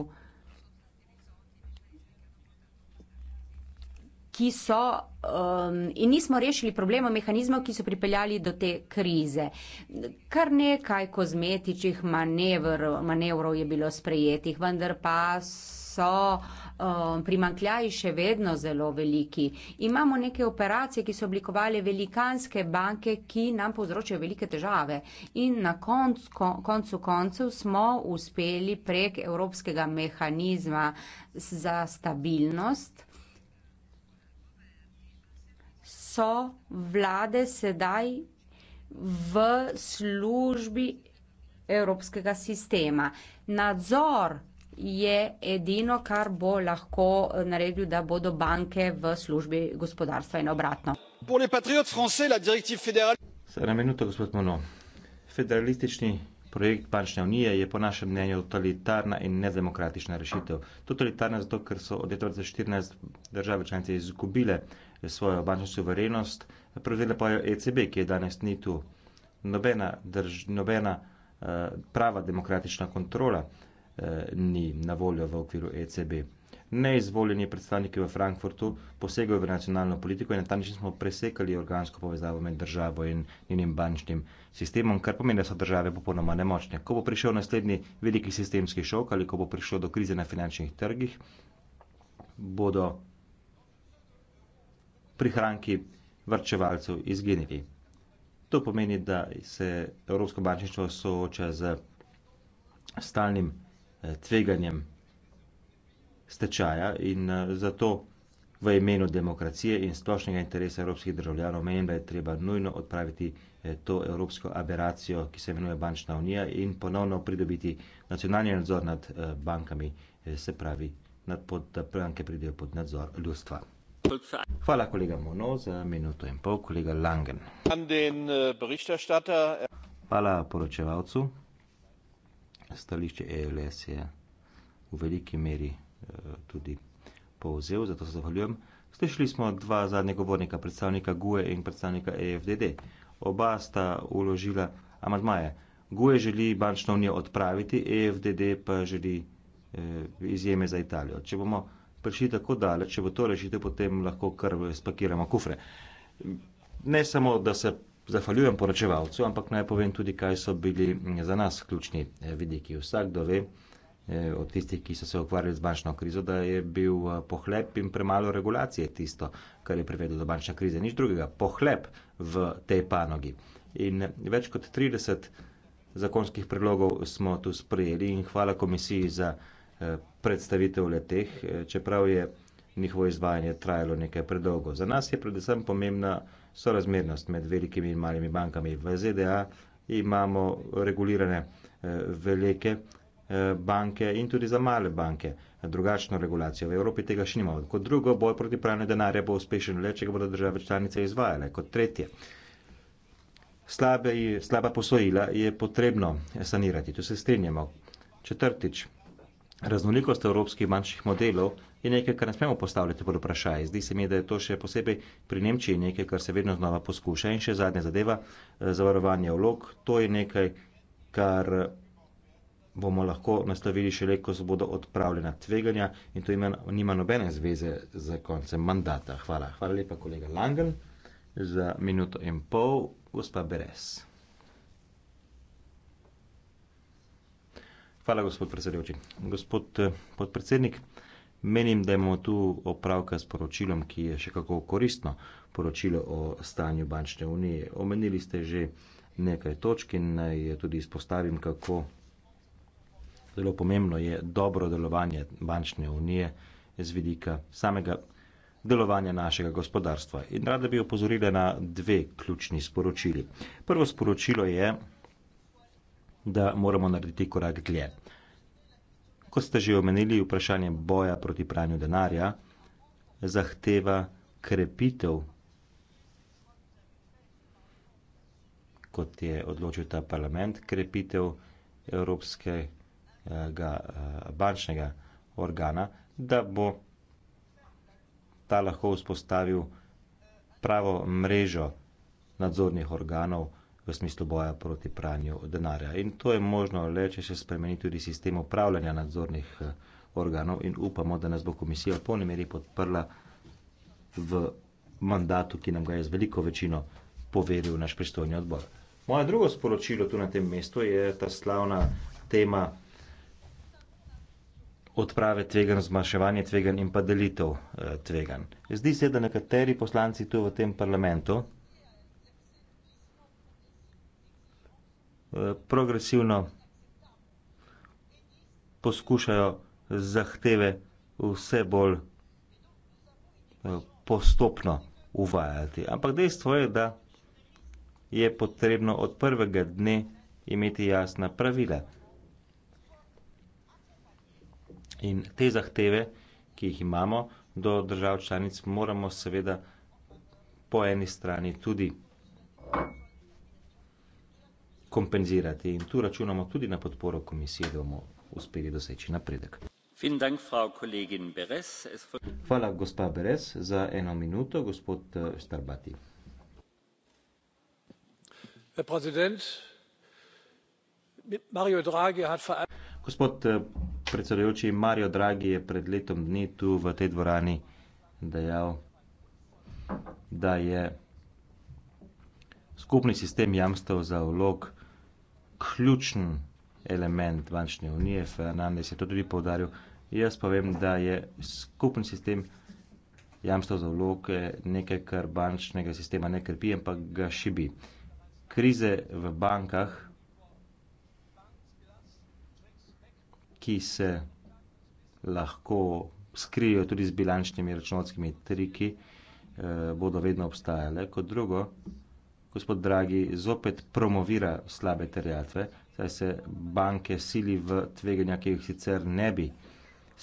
ki so um, in nismo rešili problema mehanizmov, ki so pripeljali do te krize. Kar nekaj kozmetičnih manevr, manevrov je bilo sprejetih, vendar pa so um, primankljaji še vedno zelo veliki. Imamo neke operacije, ki so oblikovali velikanske banke, ki nam povzročajo velike težave. In na konc, kon, koncu koncev smo uspeli prek Evropskega mehanizma za stabilnost so vlade sedaj v službi evropskega sistema. Nadzor je edino, kar bo lahko naredil, da bodo banke v službi gospodarstva in obratno. Sedem minut, gospod Mono. Federalistični projekt bančne unije je po našem mnenju totalitarna in nedemokratična rešitev. Totalitarna zato, ker so od leta 2014 države članice izgubile svojo bančno suverenost, prevzela pa jo ECB, ki je danes ni tu. Nobena, drž, nobena uh, prava demokratična kontrola uh, ni na voljo v okviru ECB. Neizvoljeni predstavniki v Frankfurtu posegajo v nacionalno politiko in na ta način smo presekali organsko povezavo med državo in njenim bančnim sistemom, kar pomeni, da so države popolnoma nemočne. Ko bo prišel naslednji veliki sistemski šok ali ko bo prišlo do krize na finančnih trgih, bodo prihranki vrčevalcev izginili. To pomeni, da se Evropsko bančništvo sooča z stalnim eh, tveganjem stečaja in eh, zato v imenu demokracije in splošnega interesa evropskih državljanov menim, da je treba nujno odpraviti eh, to evropsko aberacijo, ki se imenuje Bančna unija in ponovno pridobiti nacionalni nadzor nad bankami, se pravi, nad pod, da banke pridejo pod nadzor ljudstva. Hvala den eh, Berichterstatter. Eh, Hvala poročevalcu. Stališče ELS je v veliki meri eh, tudi povzel, zato se zahvaljujem. Slišali smo dva zadnja govornika, predstavnika GUE in predstavnika EFDD. Oba sta uložila amadmaje. GUE želi bančno unijo odpraviti, EFDD pa želi eh, izjeme za Italijo. Če bomo prišli tako daleč, če bo to rešitev, potem lahko kar spakiramo kufre. Ne samo, da se zahvaljujem poročevalcu, ampak naj povem tudi, kaj so bili mm, za nas ključni eh, vidiki. Vsak dove eh, od tistih, ki so se ukvarjali z bančno krizo, da je bil eh, pohlep in premalo regulacije tisto, kar je privedlo do bančne krize. Nič drugega, pohlep v tej panogi. In več kot 30 zakonskih predlogov smo tu sprejeli in hvala komisiji za predstavitev leteh, čeprav je njihovo izvajanje trajalo nekaj predolgo. Za nas je predvsem pomembna sorazmernost med velikimi in malimi bankami. V ZDA imamo regulirane eh, velike eh, banke in tudi za male banke drugačno regulacijo. V Evropi tega še nimamo. Kot drugo, boj proti pranju denarja bo uspešen le, če ga bodo države članice izvajale. Kot tretje, slabe, slaba posojila je potrebno sanirati. Tu se strinjamo. Četrtič, raznolikost evropskih bančnih modelov je nekaj, kar ne smemo postavljati pod vprašaj. Zdi se mi, da je to še posebej pri Nemčiji nekaj, kar se vedno znova poskuša. In še zadnja zadeva, eh, zavarovanje vlog, to je nekaj, kar eh, bomo lahko nastavili šele, ko se bodo odpravljena tveganja in to ima, nima nobene zveze z koncem mandata. Hvala. Hvala lepa, kolega Langen, za minuto in pol, gospa Beres. Hvala, gospod predsedujoči. Gospod eh, podpredsednik, menim, da imamo tu opravka s poročilom, ki je še kako koristno poročilo o stanju bančne unije. Omenili ste že nekaj točk in naj tudi izpostavim, kako zelo pomembno je dobro delovanje bančne unije z vidika samega delovanja našega gospodarstva. In rada bi opozorila na dve ključni sporočili. Prvo sporočilo je, da moramo narediti korak dlje. Kot ste že omenili, vprašanje boja proti pranju denarja zahteva krepitev, kot je odločil ta parlament, krepitev Evropskega eh, bančnega organa, da bo ta lahko vzpostavil pravo mrežo nadzornih organov, v smislu boja proti pranju denarja. In to je možno le, če se spremeni tudi sistem upravljanja nadzornih eh, organov in upamo, da nas bo komisija v polni meri podprla v mandatu, ki nam ga je z veliko večino poveril naš pristojni odbor. Moje drugo sporočilo tu na tem mestu je ta slavna tema odprave tvegan, zmaševanje tvegan in pa delitev eh, tvegan. Zdi se, da nekateri poslanci tu v tem parlamentu Eh, progresivno poskušajo zahteve vse bolj eh, postopno uvajati. Ampak dejstvo je, da je potrebno od prvega dne imeti jasna pravila. In te zahteve, ki jih imamo do držav članic, moramo seveda po eni strani tudi kompenzirati. In tu računamo tudi na podporo komisije, da bomo uspeli doseči napredek. Hvala, gospa Beres, za eno minuto, gospod eh, Starbati. Gospod eh, predsedujoči, Mario Draghi je pred letom dni tu v tej dvorani dejal, da je skupni sistem jamstev za vlog ključen element bančne unije, Fernandez je to tudi povdaril. Jaz pa vem, da je skupen sistem jamstva za vloge nekaj, kar bančnega sistema ne krpi, ampak ga šibi. Krize v bankah, ki se lahko skrijejo tudi z bilančnimi računovskimi triki, eh, bodo vedno obstajale. Kot drugo, gospod Dragi zopet promovira slabe terjatve, saj se banke sili v tveganja, ki jih sicer ne bi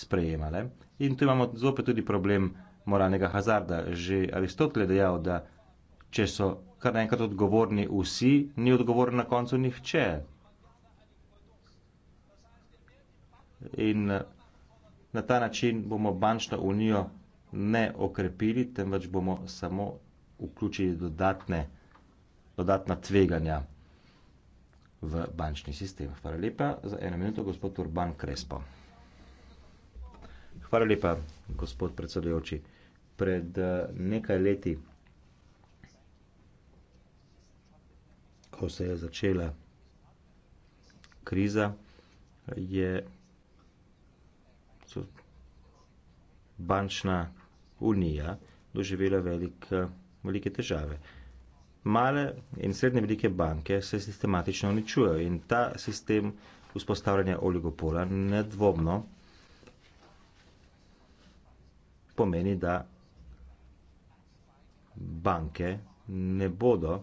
sprejemale. In tu imamo zopet tudi problem moralnega hazarda. Že Aristotel je dejal, da če so kar naenkrat odgovorni vsi, ni odgovoren na koncu nihče. In eh, na ta način bomo bančno unijo ne okrepili, temveč bomo samo vključili dodatne dodatna tveganja v bančni sistem. Hvala lepa za eno minuto, gospod Urban Krespo. Hvala lepa, gospod predsedujoči. Pred eh, nekaj leti, ko se je začela kriza, je bančna unija doživela velik, eh, velike težave. Male in srednje velike banke se sistematično uničujejo in ta sistem vzpostavljanja oligopola nedvomno pomeni, da banke ne bodo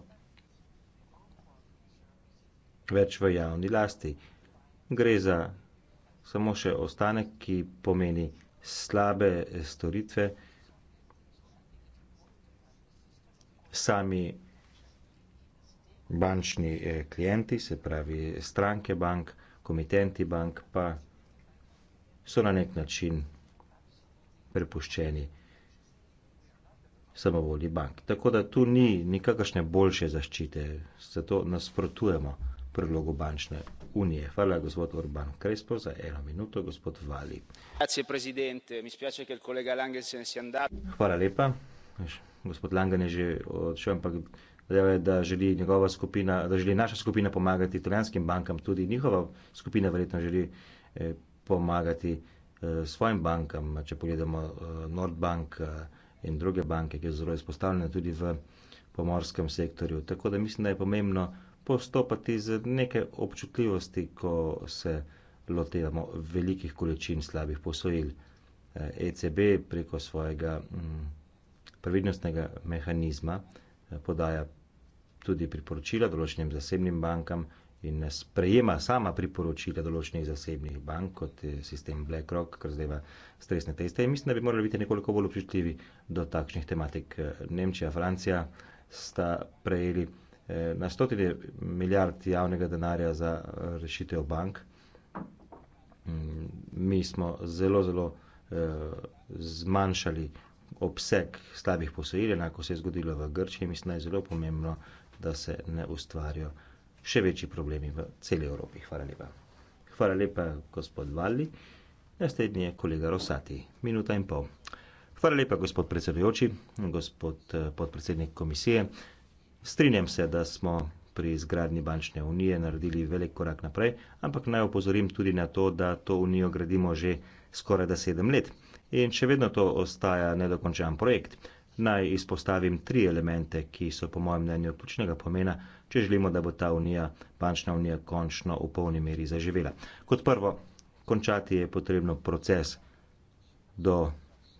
več v javni lasti. Gre za samo še ostanek, ki pomeni slabe storitve, sami bančni eh, klienti, se pravi stranke bank, komitenti bank, pa so na nek način prepuščeni samovolji bank. Tako da tu ni nikakršne boljše zaščite, zato nasprotujemo predlogu bančne unije. Hvala, gospod Orban Krespo, za eno minuto, gospod Vali. Hvala lepa. Gospod Langen je že odšel, ampak Je, da želi njegova skupina, da želi naša skupina pomagati italijanskim bankam, tudi njihova skupina verjetno želi eh, pomagati eh, svojim bankam. Če pogledamo eh, Nordbank eh, in druge banke, ki so zelo izpostavljene tudi v pomorskem sektorju. Tako da mislim, da je pomembno postopati z neke občutljivosti, ko se lotevamo velikih količin slabih posojil. Eh, ECB preko svojega hm, previdnostnega mehanizma eh, podaja tudi priporočila določenim zasebnim bankam in sprejema sama priporočila določenih zasebnih bank, kot je sistem BlackRock, ki zdajva stresne teste. In mislim, da bi morali biti nekoliko bolj občutljivi do takšnih tematik. Nemčija, Francija sta prejeli eh, na stotine milijard javnega denarja za eh, rešitev bank. Mm, mi smo zelo, zelo eh, zmanjšali obseg slabih posojil, enako se je zgodilo v Grčiji, mislim, da je zelo pomembno, da se ne ustvarijo še večji problemi v celi Evropi. Hvala lepa. Hvala lepa, gospod Valli. Naslednji je kolega Rosati. Minuta in pol. Hvala lepa, gospod predsedujoči, gospod eh, podpredsednik komisije. Strinjam se, da smo pri izgradnji bančne unije naredili velik korak naprej, ampak naj opozorim tudi na to, da to unijo gradimo že skoraj da sedem let in še vedno to ostaja nedokončan projekt naj izpostavim tri elemente, ki so po mojem mnenju ključnega pomena, če želimo, da bo ta unija, bančna unija, končno v polni meri zaživela. Kot prvo, končati je potrebno proces do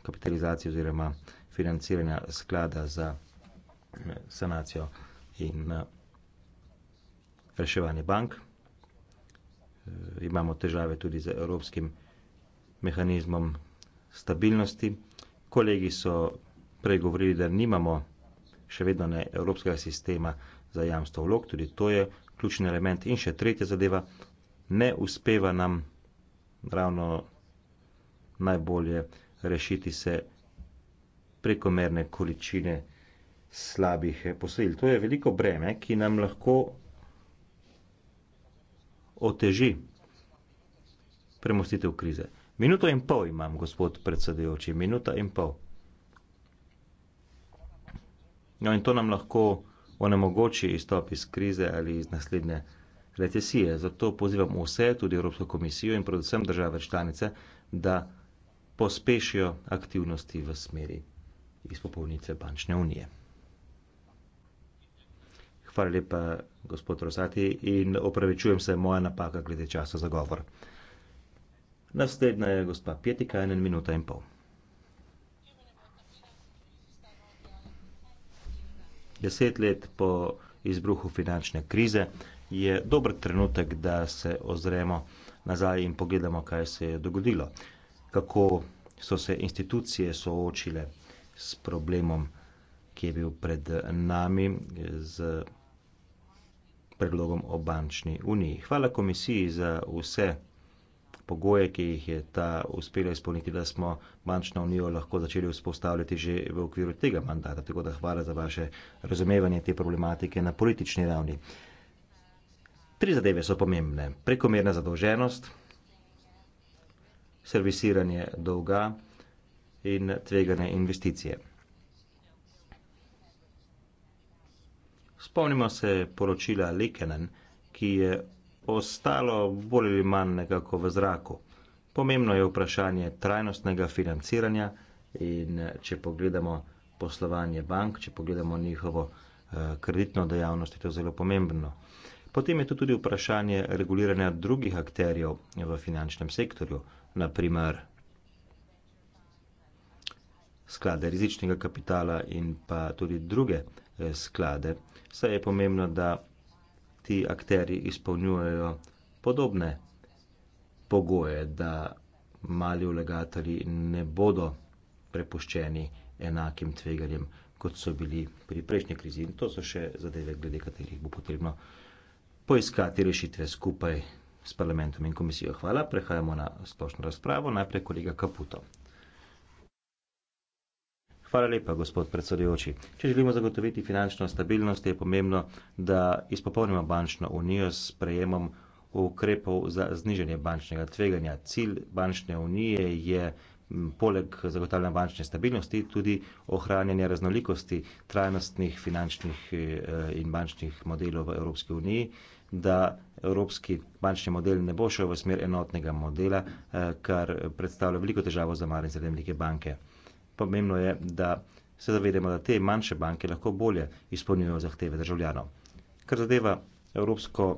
kapitalizacije oziroma financiranja sklada za eh, sanacijo in eh, reševanje bank. Eh, imamo težave tudi z evropskim mehanizmom stabilnosti. Kolegi so prej govorili, da nimamo še vedno ne evropskega sistema za jamstvo vlog, tudi to je ključni element. In še tretja zadeva, ne uspeva nam ravno najbolje rešiti se prekomerne količine slabih posojil. To je veliko breme, ki nam lahko oteži premostitev krize. Minuto in pol imam, gospod predsedujoči, minuto in pol. No, in to nam lahko onemogoči izstop iz krize ali iz naslednje recesije. Zato pozivam vse, tudi Evropsko komisijo in predvsem države članice, da pospešijo aktivnosti v smeri izpopolnitve bančne unije. Hvala lepa, gospod Rosati, in opravičujem se moja napaka glede časa za govor. Naslednja je gospa Pietika, en minuta in pol. deset let po izbruhu finančne krize, je dober trenutek, da se ozremo nazaj in pogledamo, kaj se je dogodilo, kako so se institucije soočile s problemom, ki je bil pred nami z predlogom o bančni uniji. Hvala komisiji za vse pogoje, ki jih je ta uspela izpolniti, da smo bančno unijo lahko začeli vzpostavljati že v okviru tega mandata. Tako da hvala za vaše razumevanje te problematike na politični ravni. Tri zadeve so pomembne. Prekomerna zadolženost, servisiranje dolga in tvegane investicije. Spomnimo se poročila Lekenen, ki je ostalo bolj ali manj nekako v zraku. Pomembno je vprašanje trajnostnega financiranja in če pogledamo poslovanje bank, če pogledamo njihovo eh, kreditno dejavnost, je to zelo pomembno. Potem je tu tudi vprašanje reguliranja drugih akterjev v finančnem sektorju, naprimer sklade rizičnega kapitala in pa tudi druge eh, sklade. Saj je pomembno, da ti akteri izpolnjujejo podobne pogoje, da mali vlagatelji ne bodo prepuščeni enakim tveganjem, kot so bili pri prejšnji krizi. In to so še zadeve, glede katerih bo potrebno poiskati rešitve skupaj s parlamentom in komisijo. Hvala, prehajamo na splošno razpravo, najprej kolega Kaputo. Hvala lepa, gospod predsedujoči. Če želimo zagotoviti finančno stabilnost, je pomembno, da izpopolnimo bančno unijo s prejemom ukrepov za zniženje bančnega tveganja. Cilj bančne unije je poleg zagotavljanja bančne stabilnosti tudi ohranjanje raznolikosti trajnostnih finančnih e, in bančnih modelov v Evropski uniji, da evropski bančni model ne bo šel v smer enotnega modela, e, kar predstavlja veliko težavo za male in srednje banke. Pomembno je, da se zavedemo, da te manjše banke lahko bolje izpolnjujejo zahteve državljanov. Kar zadeva evropsko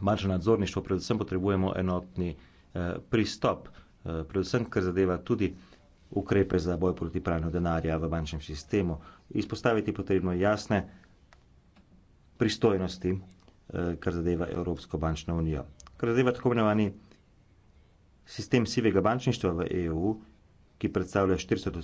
bančno nadzorništvo, predvsem potrebujemo enotni eh, pristop, eh, predvsem kar zadeva tudi ukrepe za boj proti pranju denarja v bančnem sistemu. Izpostaviti potrebno jasne pristojnosti, eh, kar zadeva Evropsko bančno unijo. Kar zadeva tako imenovani sistem sivega bančništva v EU, ki predstavlja 400 odstotkov.